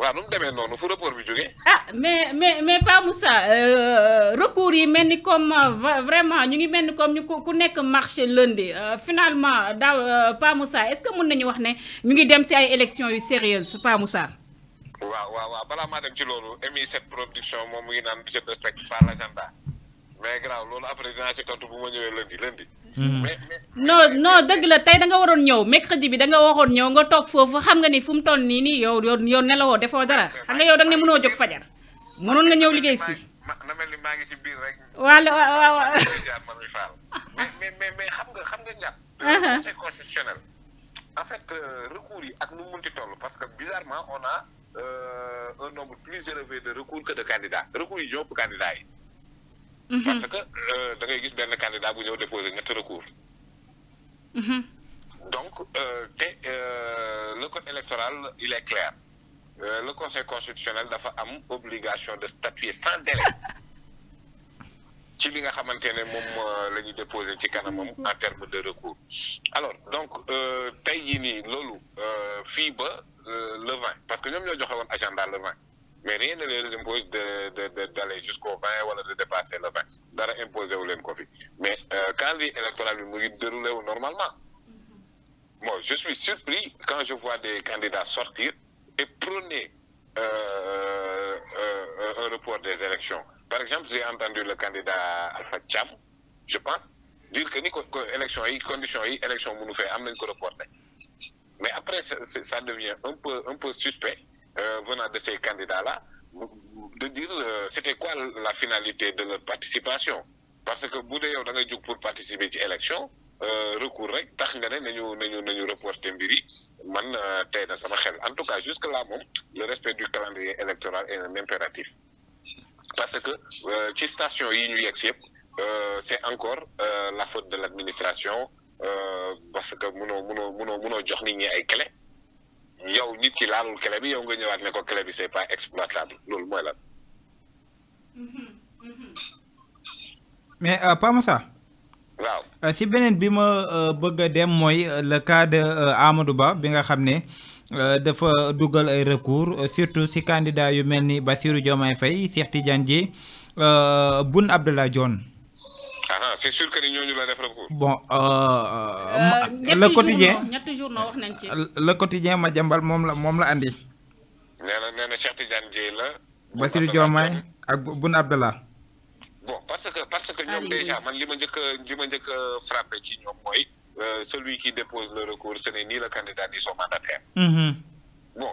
waaw nu mu demee noonu fu rapport bi jógee. ah mais mais mais Pa Moussa euh, recours yi mel ni comme euh, vraiment ñu ngi mel ni comme ñu ku nekk marché lundi euh, finalement daaw Pa Moussa est-ce que mën nañu wax ne ñu ngi dem ci ay élections yu sérieuses Pa Moussa. waaw waaw waaw balaa maa dem ci loolu MI cette production moom mu ngi naan je respecte pas l'agenda mais grave loolu après dinaa ci tontu bu ma ñëwee lundi lundi. non non dëgg la tey da nga waroon ñëw mercredi bi da nga waxoon ñëw nga toog foofu xam nga ni fu mu toll nii nii yow yow yow nelawoo defoo dara xam nga yow da nga ne mënoo jóg fajar mënoon nga ñëw liggéey si. na mel ni maa ngi ci biir rek. wala waaw waaw. mais mais mais xam nga xam nga ñàpp. conseil constitutionnel. en fait recours yi ak nu mu munti toll parce que bizarrement on a un nombre plus élevé de recours que de candidats recours yi ñoo ëpp candidats yi. Mhm. parce que euh, da ngay gis ben candidat bu ñëw déposer ñetti recours. Mhm. donc euh, euh, le code électoral il est clair le conseil constitutionnel a am obligation de statuer sans délai Si li nga xamante ne déposer ci mhm. en terme de recours alors donc tey Lolo, lolu euh le vin. parce que nous, ñoo un agenda le vin mais rien ne les impose de d'aller jusqu'au 20 ou de dépasser le 20 dara imposer au euh, le mais quand quand est déroulé normalement moi mm-hmm. je suis surpris quand je vois des candidats sortir et prôner euh, euh, un report des élections par exemple j'ai entendu le candidat Alpha Tcham, je pense dire que ni élection yi conditions yi élection mënu fait am nañ ko mais après ça, ça devient un peu un peu suspect euh, venant de ces candidats-là, de dire euh, c'était quoi la finalité de leur participation. Parce que bu yow da pour participer ci élection euh, recours rek tax nous ne nañu nañu nañu reporter man en tout cas jusque là le respect du calendrier électoral est un impératif parce que si station yi ñu c'est encore la faute de l'administration parce que nous mënoo mënoo mënoo jox nit ñi yow nit ki laalul clé bi yow nga ñëwaat ne ko clé bi c'est pas exploitable loolu mooy lan. mais euh, Pa Moussa. waaw euh, si beneen bi ma euh, bëgg a dem mooy la cas de Ba bi nga xam ne dafa dugal ay recours surtout si candidat yu mel ni Bassirou Diomaye Faye Cheikh Tidiane Dièye Boun Abdallah Dionne. Ah, c'est sûr que ni ñooñu la def recours. bon euh, euh, euh, le quotidien ñetti journaux wax nañ ci. le quotidien ma jambal moom la moom la andi. nee na nee na Cheikh Tidiane Dieye la. Bassirou Diomaye ak Boun Abdallah. bon parce que parce que ñoom déjà man li ma njëkk a li ma njëkk a frappé celui qui dépose le recours ce n'est ni le candidat ni son mandataire. Mhm. bon.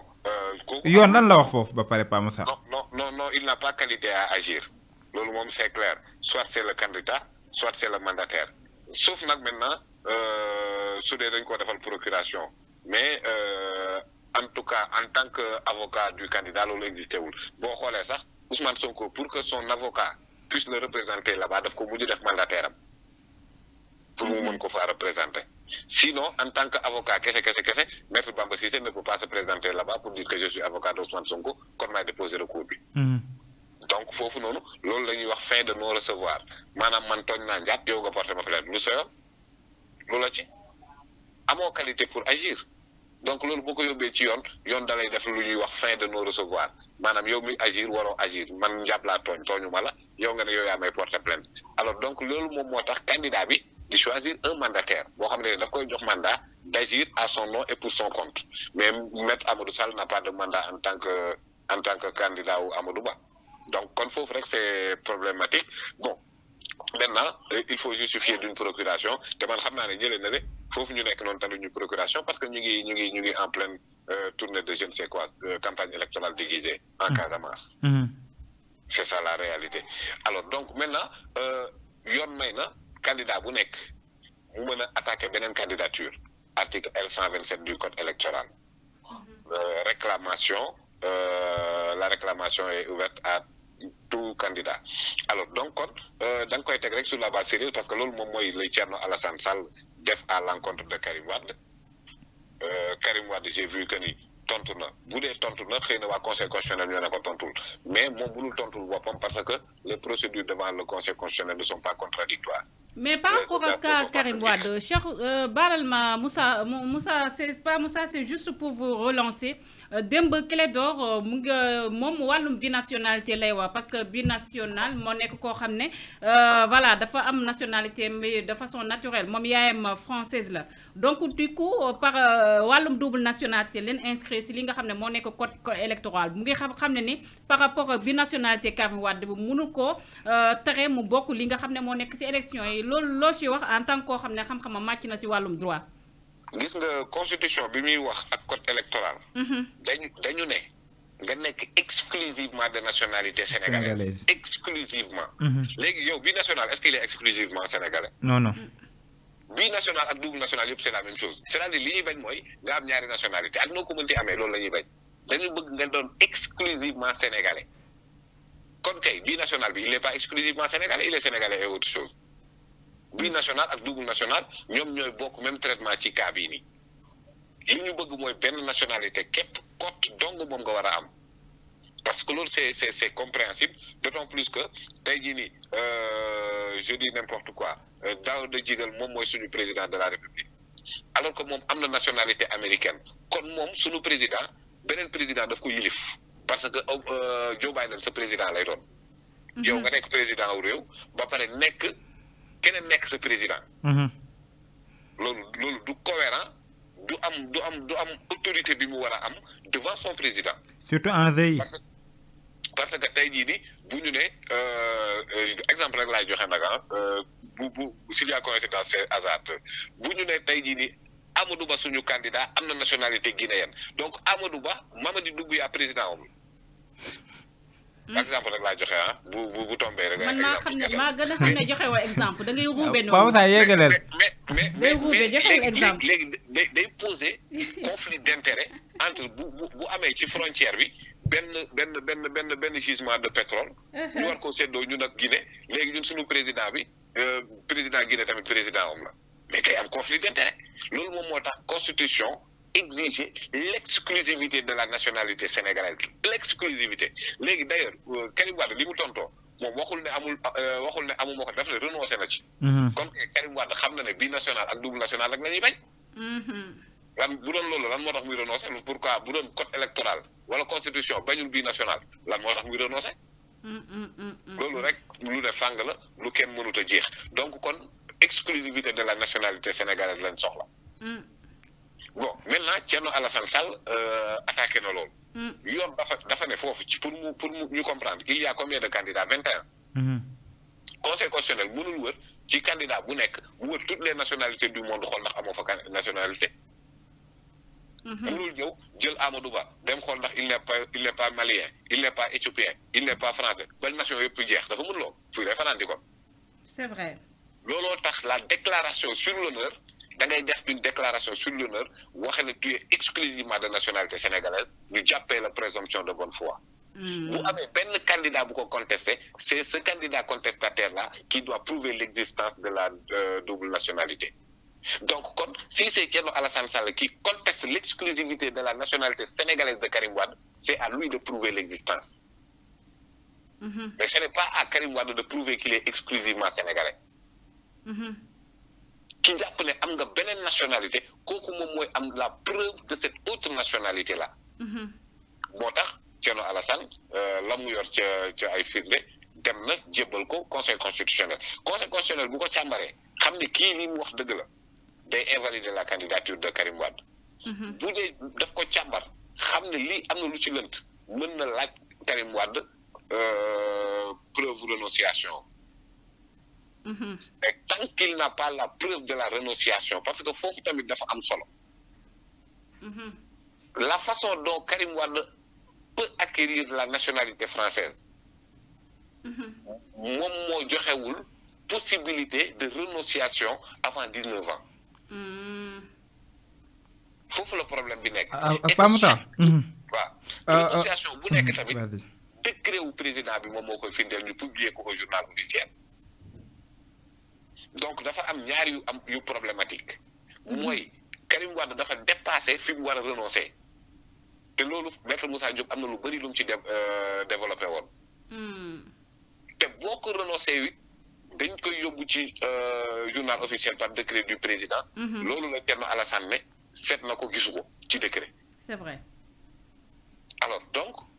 kooku yoon lan la wax foofu ba pare Pa Moussa. non non non il n'a pas qualité à agir loolu moom c'est clair soit c'est le candidat. soit c'est le mandataire sauf maintenant euh, sous des dañ de procuration mais euh, en tout cas en tant que avocat du candidat il existé où. Bon, voilà sax Ousmane Sonko pour que son avocat puisse le représenter là-bas il ko que def mandataire pour le monde ko représenter sinon en tant que avocat ce que c'est? maître Bambassissé ne peut pas se présenter là-bas pour dire que je suis avocat d'Ousmane Sonko qu'on maay déposé le bi donc fofu noonu loolu lañuy wax fin de non recevoir manam man togn na njàpp yow nga porter ma plainte lu sa lu la ci amo qualité pour agir donc loolu boko yobé ci yone yone dalay def lu wax fin de non recevoir manam yow mi agir waro agir man njàpp la togn tooñu mala yow nga ne yow yaa may porté plainte alors donc loolu mom motax candidat bi di choisir un mandataire bo xamné da koy jox mandat d'agir à son nom et pour son compte mais maître Amadou Sall n'a pas de mandat en tant que en tant que candidat ou Amadou Ba donc faut vrai que c'est problématique bon maintenant euh, il faut justifier d'une procuration Il faut venir avec une na procuration parce que nous sommes en pleine euh, tournée de je ne campagne électorale déguisée en hum. masse. Hum. c'est ça la réalité alors donc maintenant y a un candidat bu nekk mu mën a attaquer une candidature article L127 du code électoral hum. euh, réclamation la réclamation est ouverte à tout candidat alors donc kon euh, da nga koy teg rek sur la base sérieuse parce que loolu moom mooy lay Thierno Alassane Sall def à l'encontre de Karim Wade euh, Karim vu que ni tontu na bu dee tontu na xëy na conseil constitutionnel ñoo ne ko tontul mais moom mënul tontul boppam parce que les procédures devant le conseil constitutionnel ne sont pas contradictoires Mais par rapport à Karim Wade, cher euh, Baralma, Moussa, Moussa c'est pas Moussa, c'est juste pour vous relancer. Euh, Demba Clédor, euh, mom euh, walum binationalité lay wa parce que binational mo nek ko xamné euh voilà dafa am nationalité mais de façon naturelle mom yaayam française là Donc du coup par walum double nationalité len inscrit ci li nga xamné mo nek code électoral mu ngi xamné par rapport à binationalité Karim Wade mënu ko euh téré mu bokku li nga xamné mo élection loolu loo si wax en tant que koo xam ne xam-xamam màcc na ci wàllum droit. gis nga constitution bi muy wax ak code électoral. Mhm. dañu ne nga nekk exclusivement de nationalité sénégalaise. exclusivement. Mhm. léegi yow bi national est-ce qu'il est exclusivement sénégalais. non non. bi national ak double national yëpp c'est la même chose c'est-à-dire li ñuy bañ mooy nga am ñaari nationalité ak noo ko mënti amee loolu la ñuy bañ dañu bëgg nga doon exclusivement sénégalais bi national bi il est pas exclusivement sénégalais il bii national ak double national ñoom ñooy bokk même traitement ci cas bii nii li ñu bëgg mooy benn nationalité képp cote dong moom nga war a am parce que loolu c'est c'est c'est compréhensible d'autant plus que tey jii nii euh, je dis n'importe quoi euh, Daouda Digal moom mooy suñu président de la République alors que moom am na nationalité américaine kon moom suñu président beneen président daf ko yilif parce que euh, Joe Biden sa président lay doon mm-hmm. yow nga nekk président wu réew ba pare nekk le un ce président. Mhm. du cohérent du am du am du devant son président. surtout en parce que euh, exemple rek ah, euh, bu bu y a c'est hasard bu ñu candidat nationalité guinéenne donc Amadou Ba Mamadi président Hmm? exemple rek laa joxe ah bu bu bu tombee rek. man maa xam ne maa gën a xam joxe woo exemple da ngay noonu. waaw saa yeggaleel. mais mais mais léegi léegi day day poser conflit d'intérêt entre bu bu amee ci frontière bi benn benn benn benn benn gisement de pétrole. Uh-huh. ñu war ko séddoo ñun ak Guinée léegi ñun suñu président bi euh, président Guinée tamit président om la mais kay am conflit d'intérêt loolu moom moo tax constitution. exiger l'exclusivité de la nationalité sénégalaise l'exclusivité léegi d'ailleurs euh, Karim Wade li mu tontoo moom waxul ne amul euh, waxul ne amul moo ko daf ne ci mhm. comme que Karim Wade xam na ne bi ak double national rek la ñuy bañ mhm. lan bu doon loolu lan moo muy renoncé pourquoi bu doon code électoral wala constitution bañul bi national lan moo tax muy renoncé loolu rek lu ne fàng la lu kenn mënut a donc kon exclusivité de la nationalité sénégalaise lañ soxla mm bon maintenant nous Alassane Sall euh, attaqué na loolu. Hmm. nous dafa dafa ne foofu ci pour nous pour nous comprendre il y a combien de candidats 21. conséquentiel un. Hmm. conseil constitutionnel wër ci candidat bu toutes les nationalités du monde xool ndax pas nationalités. nationalité. Hmm. mënul ñëw jël il n'est pas il n'est pas malien il n'est pas éthiopien il n'est pas français ba nation yëpp jeex dafa mën lool fii ko. c'est vrai. la déclaration sur l'honneur dangay def une déclaration sur l'honneur vous allez est exclusivement de nationalité sénégalaise ñu jappé la présomption de bonne foi hmm. avez peine le candidat pour ko c'est ce candidat contestataire là qui doit prouver l'existence de la euh, double nationalité donc si c'est Alassane Sall qui conteste l'exclusivité de la nationalité sénégalaise de Karim Wade c'est à lui de prouver l'existence hmm. mais ce n'est pas à Karim Wade de prouver qu'il est exclusivement sénégalais hmm. ki jàpp ne am nga beneen nationalité kooku moom mooy am la preuve de cette autre nationalité là. Mm-hmm. moo tax Thierno Alassane euh, la mu yor ca ca ay firnde de na jébbal ko conseil constitutionnel conseil constitutionnel bu ko càmbaree xam ne kii li mu wax dëgg la day invalider la candidature de Karim Wade. Mm-hmm. bu dee daf ko càmbar xam ne lii am na lu ci lënt mën na laaj Karim Wade euh, preuve renonciation. Mm-hmm. tant qu'il n'a pas la preuve de la renonciation parce que qu'il tamit dafa am solo mm-hmm. la façon dont Karim Wade peut acquérir la nationalité française mm-hmm. possibilité de renonciation avant 19 ans foofu le problème bi nekk ah, ah, ah, renonciation bu ça. tamit décret au président bi moom publié publier au journal officiel donc dafa am ñaar yu am yu problématique mhm. mooy Karim Wade dafa dépassé fi mu war a renoncer te loolu maître Moussa Diop am na lu bëri lu mu ci euh, développé woon hmm. te boo ko renoncé wi dañ koy yóbbu ci euh, journal officiel par décret du président mhm. loolu la Thierno Alassane ne seet na ko gisu ko ci décret c'est vrai alors donc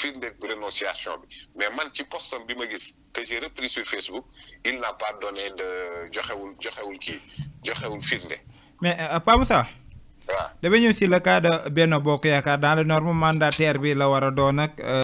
firndeeg dénonciation bi mais man ci postam bi ma gis que j'ai repris sur Facebook il n'a pas donné de joxewul joxewul kii joxewul firnde. mais euh, Pape Moussa. waaw dama ñëw si le cas de Bokk Yaakaar dans le norme mandataire bi la war a doon ak. Euh,